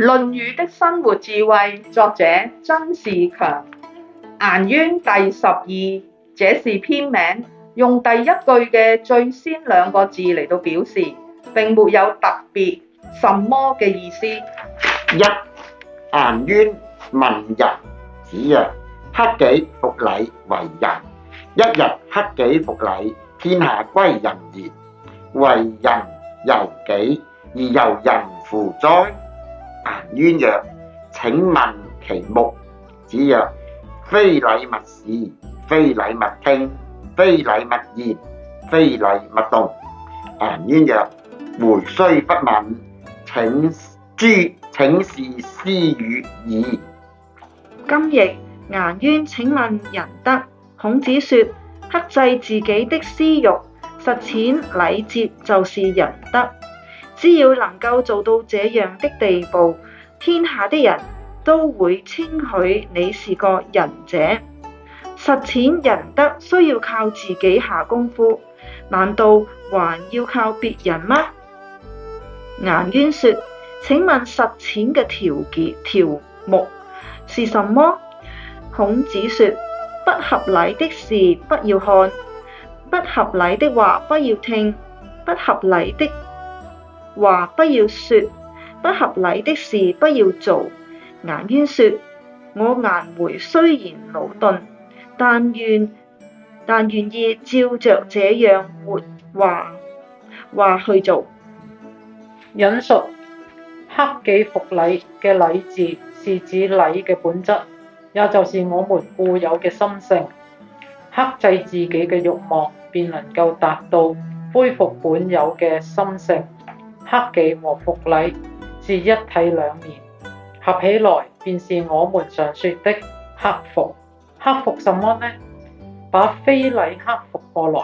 《論語》的生活智慧，作者曾仕強。顏淵第十二，這是篇名，用第一句嘅最先兩個字嚟到表示，並沒有特別什麼嘅意思。一顏淵問仁，子曰：克己復禮為仁。一日克己復禮，天下歸仁焉。為仁由己，而由人乎哉？顏淵曰：請問其目。子曰：非禮勿視，非禮勿聽，非禮勿言，非禮勿動。顏淵曰：回雖不敏，請知請事斯語矣。今亦顏淵請問仁德。孔子說：克制自己的私欲，實踐禮節，就是仁德。只要能夠做到這樣的地步，天下的人都會稱許你是個仁者。實踐仁德需要靠自己下功夫，難道還要靠別人嗎？顏淵說：請問實踐嘅條件，條目是什麼？孔子說：不合理的事不要看，不合理的話不要聽，不合理的話不要說，不合理的事不要做。顏淵說：我顏回雖然勞頓，但願但願意照着這樣沒話話去做。引述克己復禮嘅禮字是指禮嘅本質，也就是我們固有嘅心性。克制自己嘅慾望，便能夠達到恢復本有嘅心性。克己和復禮是一體兩面，合起來便是我們常說的克服。克服什麼呢？把非禮克服過來，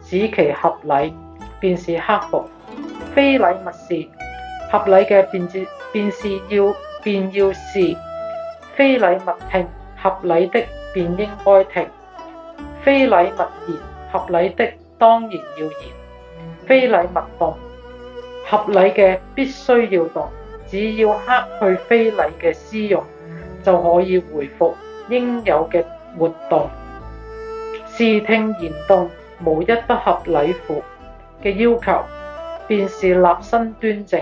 使其合禮，便是克服。非禮勿視，合禮嘅便接，便是要便要視。非禮勿聽，合禮的便應該聽。非禮勿言，合禮的當然要言。非禮勿動。合禮嘅必須要動，只要克去非禮嘅私慾，就可以回復應有嘅活動。視聽言動無一不合乎禮嘅要求，便是立身端正。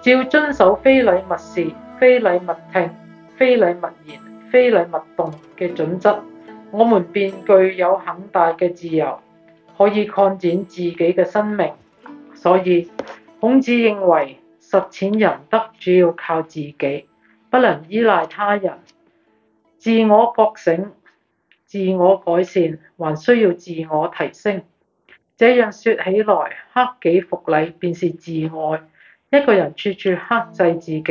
照遵守非禮勿視、非禮勿聽、非禮勿言、非禮勿動嘅準則，我們便具有很大嘅自由，可以擴展自己嘅生命。所以，孔子認為實踐仁德主要靠自己，不能依賴他人。自我覺醒、自我改善，還需要自我提升。這樣說起來，克己復禮便是自愛。一個人處處克制自己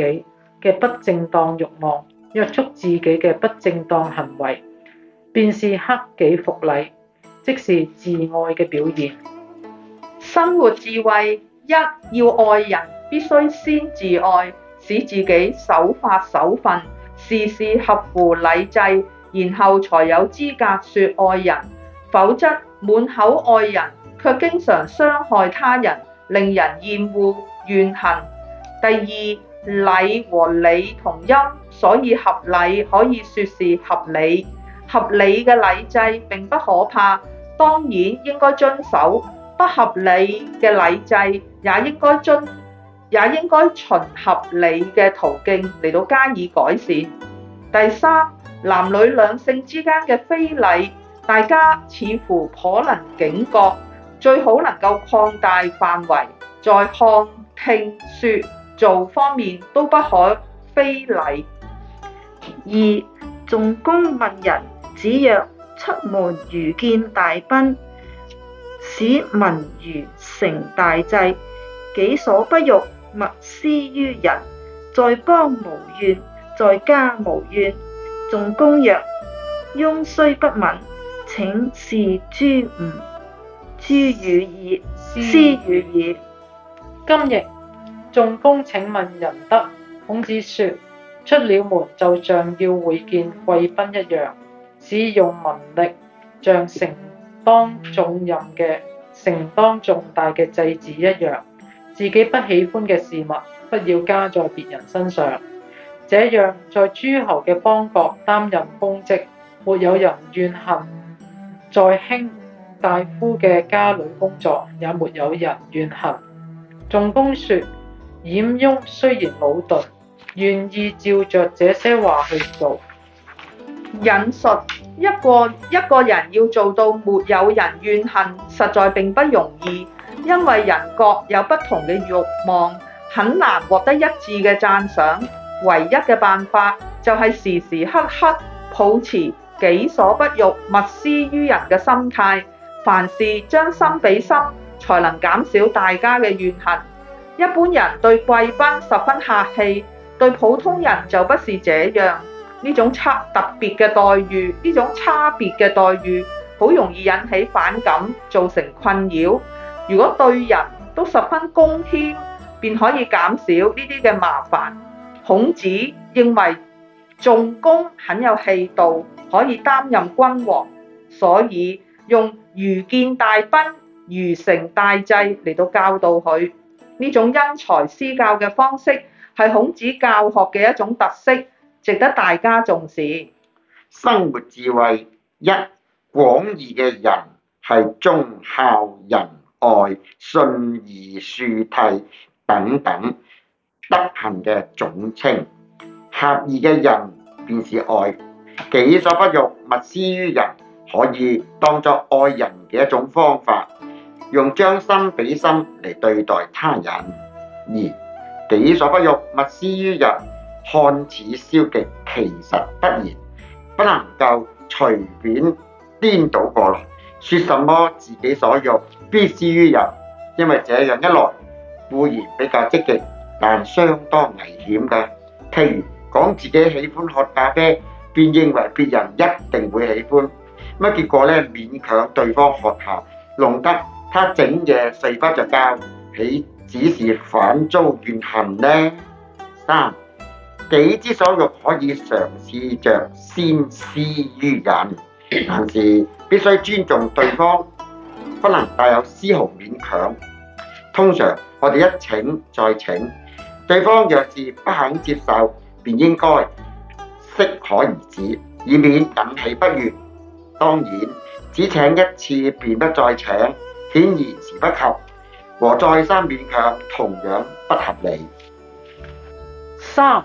嘅不正當慾望，約束自己嘅不正當行為，便是克己復禮，即是自愛嘅表現。生活智慧。一，要愛人，必須先自愛，使自己守法守份，事事合乎禮制，然後才有資格說愛人。否則滿口愛人，卻經常傷害他人，令人厭惡怨恨。第二，禮和理同音，所以合禮可以說是合理。合理嘅禮制並不可怕，當然應該遵守。不合理嘅禮制也應該遵，也應該循合理嘅途徑嚟到加以改善。第三，男女兩性之間嘅非禮，大家似乎頗能警覺，最好能夠擴大範圍，在看、聽、説、做方面都不可非禮。二，仲弓問仁，子曰：出門如見大賓。使民如承大祭，己所不欲，勿施於人。在邦無怨，在家無怨。仲弓曰：雍雖不敏，請事斯語。斯語矣，斯語矣。今日仲弓請問仁德。孔子說：出了門就像要會見貴賓一樣，使用文力像成。當重任嘅，承當重大嘅祭祀一樣，自己不喜歡嘅事物，不要加在別人身上。這樣在諸侯嘅邦國擔任公職，沒有人怨恨；在卿大夫嘅家裏工作，也沒有人怨恨。仲弓說：冉雍雖然老鈍，願意照着這些話去做。引述。一個一個人要做到沒有人怨恨，實在並不容易，因為人各有不同嘅慾望，很難獲得一致嘅讚賞。唯一嘅辦法就係時時刻刻保持己所不欲，勿施於人嘅心態。凡事將心比心，才能減少大家嘅怨恨。一般人對貴賓十分客氣，對普通人就不是這樣。呢種差特別嘅待遇，呢種差別嘅待遇，好容易引起反感，造成困擾。如果對人都十分恭謙，便可以減少呢啲嘅麻煩。孔子認為仲弓很有氣度，可以擔任君王，所以用如見大賓，如承大祭嚟到教導佢。呢種因材施教嘅方式係孔子教學嘅一種特色。值得大家重視。生活智慧一，廣義嘅人係忠孝仁愛信義恕悌等等德行嘅總稱。狹義嘅人便是愛己所不欲、勿施於人，可以當作愛人嘅一種方法，用將心比心嚟對待他人。二，己所不欲、勿施於人。看似消極，其實不然，不能夠隨便顛倒過來，説什麼自己所欲必施於人，因為這樣一來固然比較積極，但相當危險嘅。譬如講自己喜歡喝咖啡，便認為別人一定會喜歡，乜結果咧？勉強對方喝下，弄得他整夜睡不著覺，豈只是反遭怨恨呢？三。己之所欲，可以嘗試着先施於人，但是必須尊重對方，不能帶有絲毫勉強。通常我哋一請再請，對方若是不肯接受，便應該適可而止，以免引起不悦。當然，只請一次便不再請，顯然是不及，和再三勉強同樣不合理。三。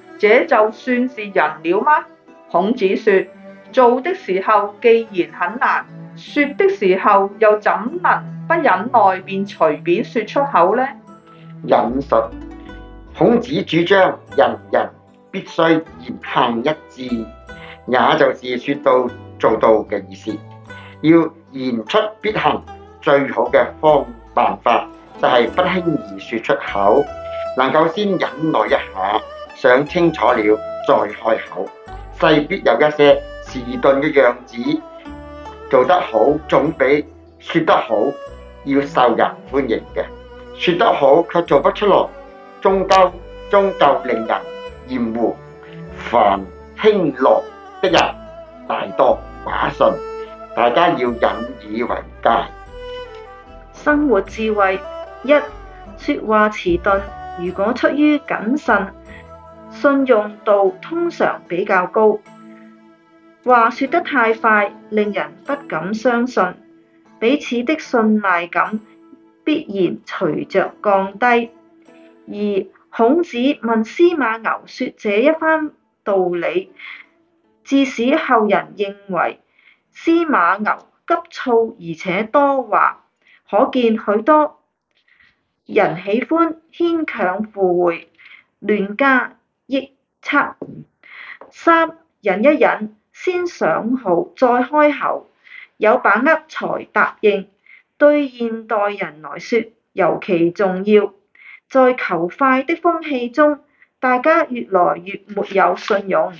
這就算是人了嗎？孔子說：做的時候既然很難，說的時候又怎能不忍耐便隨便說出口呢？訒。孔子主張人人必須言行一致，也就是說到做到嘅意思。要言出必行，最好嘅方、辦法就係、是、不輕易說出口，能夠先忍耐一下。想清楚了再開口，勢必有一些遲鈍嘅樣子。做得好總比說得好要受人歡迎嘅，說得好卻做不出來，終究終究令人厭惡。凡輕諾的人，大多寡信，大家要引以為戒。生活智慧一：說話遲鈍，如果出於謹慎。信用度通常比較高，話説得太快，令人不敢相信，彼此的信賴感必然隨着降低。而孔子問司馬牛說這一番道理，致使後人認為司馬牛急躁而且多話，可見許多人喜歡牽強附會、亂加。臆三忍一忍，先想好再開口，有把握才答應，對現代人來說尤其重要。在求快的風氣中，大家越來越沒有信用。